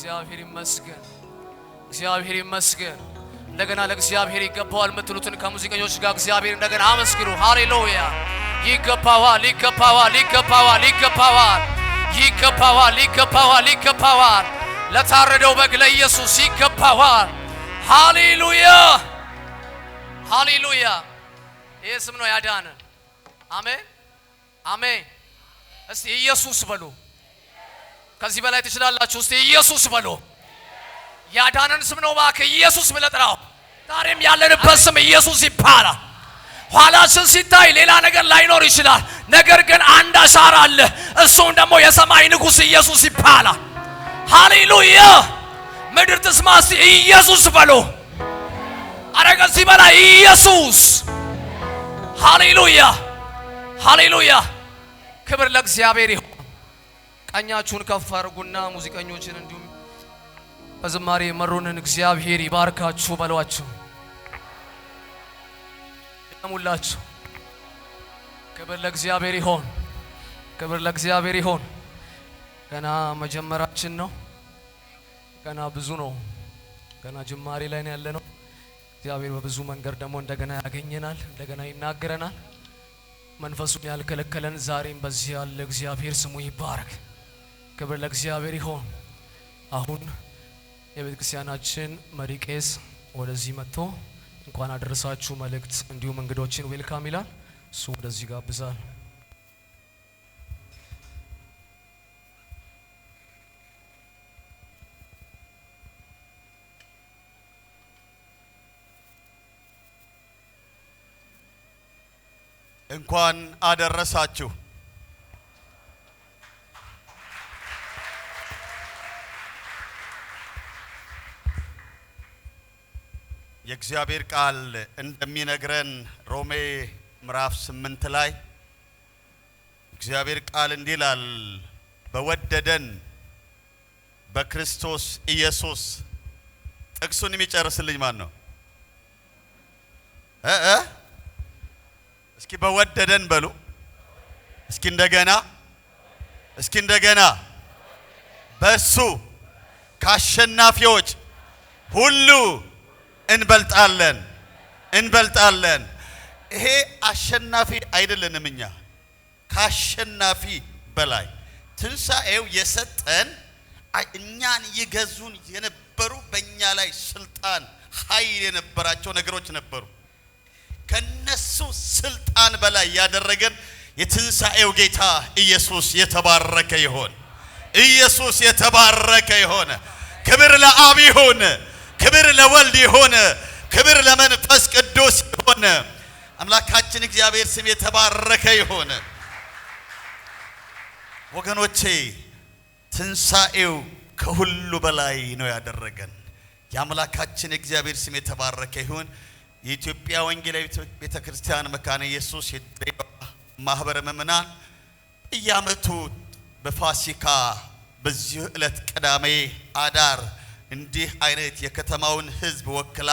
እግዚአብሔር ይመስገን፣ እግዚአብሔር ይመስገን። እንደገና ለእግዚአብሔር ይገባዋል የምትሉትን ከሙዚቀኞች ጋር እግዚአብሔር እንደገና አመስግኑ። ሃሌሉያ! ይገባዋል፣ ይገባዋል፣ ይገባዋል፣ ይገባዋል፣ ይገባዋል፣ ይገባዋል፣ ይገባዋል። ለታረደው በግ ለኢየሱስ ይገባዋል። ሃሌሉያ፣ ሃሌሉያ። ይህ ስም ነው ያዳነ። አሜን፣ አሜን። እስቲ ኢየሱስ በሉ ከዚህ በላይ ትችላላችሁ። እስቲ ኢየሱስ በሉ። ያዳነን ስም ነው እባክህ ኢየሱስ ብለህ ጥራው። ዛሬም ያለንበት ስም ኢየሱስ ይባላል። ኋላችን ሲታይ ሌላ ነገር ላይኖር ይችላል። ነገር ግን አንድ አሻራ አለ። እሱም ደግሞ የሰማይ ንጉሥ ኢየሱስ ይባላል። ሃሌሉያ! ምድር ትስማ እስቲ ኢየሱስ በሉ። አረ ከዚህ በላይ ኢየሱስ። ሃሌሉያ! ሃሌሉያ! ክብር ለእግዚአብሔር ይሁን። ቀኛችሁን ከፍ አድርጉና ሙዚቀኞችን እንዲሁም በዝማሬ መሩንን እግዚአብሔር ይባርካችሁ በሏችሁ፣ ሙላችሁ ክብር ለእግዚአብሔር ይሆን፣ ክብር ለእግዚአብሔር ይሆን። ገና መጀመራችን ነው። ገና ብዙ ነው። ገና ጅማሬ ላይ ነው ያለነው። እግዚአብሔር በብዙ መንገድ ደግሞ እንደገና ያገኘናል፣ እንደገና ይናገረናል። መንፈሱን ያልከለከለን ዛሬም በዚህ ያለ እግዚአብሔር ስሙ ይባረክ። ክብር ለእግዚአብሔር ይሆን። አሁን የቤተ ክርስቲያናችን መሪ ቄስ ወደዚህ መጥቶ እንኳን አደረሳችሁ መልእክት እንዲሁም እንግዶችን ዌልካም ይላል። እሱ ወደዚህ ጋብዛል። እንኳን አደረሳችሁ። የእግዚአብሔር ቃል እንደሚነግረን ሮሜ ምዕራፍ ስምንት ላይ እግዚአብሔር ቃል እንዲህ ይላል፣ በወደደን በክርስቶስ ኢየሱስ። ጥቅሱን የሚጨርስልኝ ማን ነው? እስኪ በወደደን በሉ። እስኪ እንደገና፣ እስኪ እንደገና በሱ ከአሸናፊዎች ሁሉ እንበልጣለን እንበልጣለን። ይሄ አሸናፊ አይደለንም እኛ ከአሸናፊ በላይ ትንሣኤው የሰጠን እኛን ይገዙን የነበሩ በእኛ ላይ ስልጣን ኃይል የነበራቸው ነገሮች ነበሩ። ከነሱ ስልጣን በላይ ያደረገን የትንሣኤው ጌታ ኢየሱስ የተባረከ ይሆን። ኢየሱስ የተባረከ የሆነ ክብር ለአብ ይሁን። ክብር ለወልድ የሆነ ክብር ለመንፈስ ቅዱስ የሆነ አምላካችን እግዚአብሔር ስም የተባረከ የሆነ ወገኖቼ ትንሣኤው ከሁሉ በላይ ነው ያደረገን። የአምላካችን እግዚአብሔር ስም የተባረከ ይሁን። የኢትዮጵያ ወንጌላዊት ቤተ ክርስቲያን መካነ ኢየሱስ የድሬዳዋ ማኅበረ ምእመናን በየዓመቱ በፋሲካ በዚሁ ዕለት ቅዳሜ አዳር እንዲህ አይነት የከተማውን ህዝብ ወክላ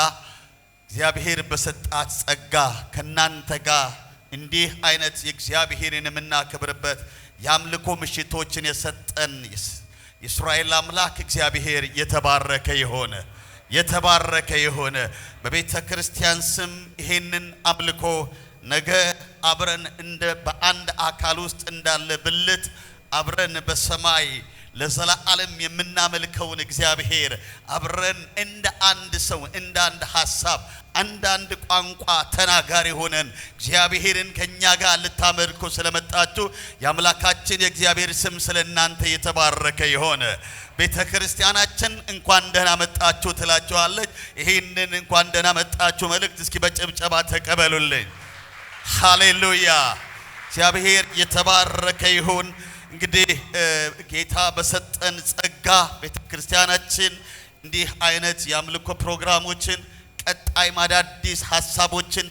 እግዚአብሔር በሰጣት ጸጋ ከናንተ ጋር እንዲህ አይነት የእግዚአብሔርን የምናከብርበት የአምልኮ ምሽቶችን የሰጠን የእስራኤል አምላክ እግዚአብሔር የተባረከ የሆነ የተባረከ የሆነ በቤተ ክርስቲያን ስም ይሄንን አምልኮ ነገ አብረን እንደ በአንድ አካል ውስጥ እንዳለ ብልት አብረን በሰማይ ለዘላለም የምናመልከውን እግዚአብሔር አብረን እንደ አንድ ሰው እንደ አንድ ሀሳብ አንዳንድ ቋንቋ ተናጋሪ ሆነን እግዚአብሔርን ከእኛ ጋር ልታመልኩ ስለመጣችሁ የአምላካችን የእግዚአብሔር ስም ስለ እናንተ የተባረከ የሆነ ቤተ ክርስቲያናችን እንኳን ደህና መጣችሁ ትላችኋለች። ይህንን እንኳን ደህና መጣችሁ መልእክት እስኪ በጭብጨባ ተቀበሉልኝ። ሃሌሉያ! እግዚአብሔር የተባረከ ይሁን። እንግዲህ ጌታ በሰጠን ጸጋ ቤተ ክርስቲያናችን እንዲህ አይነት የአምልኮ ፕሮግራሞችን ቀጣይም አዳዲስ ሀሳቦችን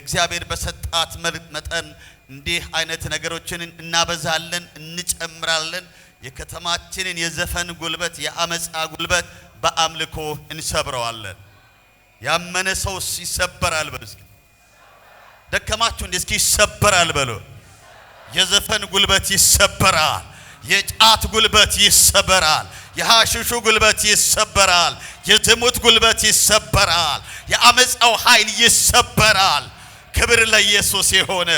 እግዚአብሔር በሰጣት መጠን እንዲህ አይነት ነገሮችን እናበዛለን፣ እንጨምራለን። የከተማችንን የዘፈን ጉልበት፣ የአመፃ ጉልበት በአምልኮ እንሰብረዋለን። ያመነ ሰው ይሰበራል በሉ። ደከማችሁ እንዴ? እስኪ ይሰበራል በሉ። የዘፈን ጉልበት ይሰበራል። የጫት ጉልበት ይሰበራል። የሐሽሹ ጉልበት ይሰበራል። የዝሙት ጉልበት ይሰበራል። የአመፃው ኃይል ይሰበራል። ክብር ለኢየሱስ የሆነ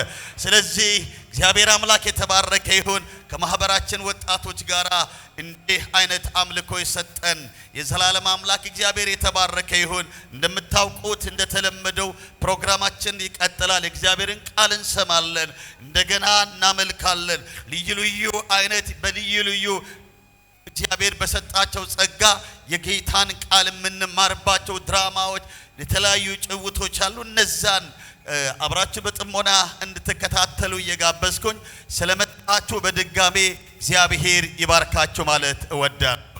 ስለዚህ እግዚአብሔር አምላክ የተባረከ ይሁን። ከማህበራችን ወጣቶች ጋር እንዲህ አይነት አምልኮ የሰጠን የዘላለም አምላክ እግዚአብሔር የተባረከ ይሁን። እንደምታውቁት እንደተለመደው ፕሮግራማችን ይቀጥላል። እግዚአብሔርን ቃል እንሰማለን፣ እንደገና እናመልካለን። ልዩ ልዩ አይነት በልዩ ልዩ እግዚአብሔር በሰጣቸው ጸጋ የጌታን ቃል የምንማርባቸው ድራማዎች፣ የተለያዩ ጭውቶች አሉ እነዛን አብራችሁ በጥሞና እንድትከታተሉ እየጋበዝኩኝ ስለመጣችሁ በድጋሜ እግዚአብሔር ይባርካችሁ ማለት እወዳለሁ።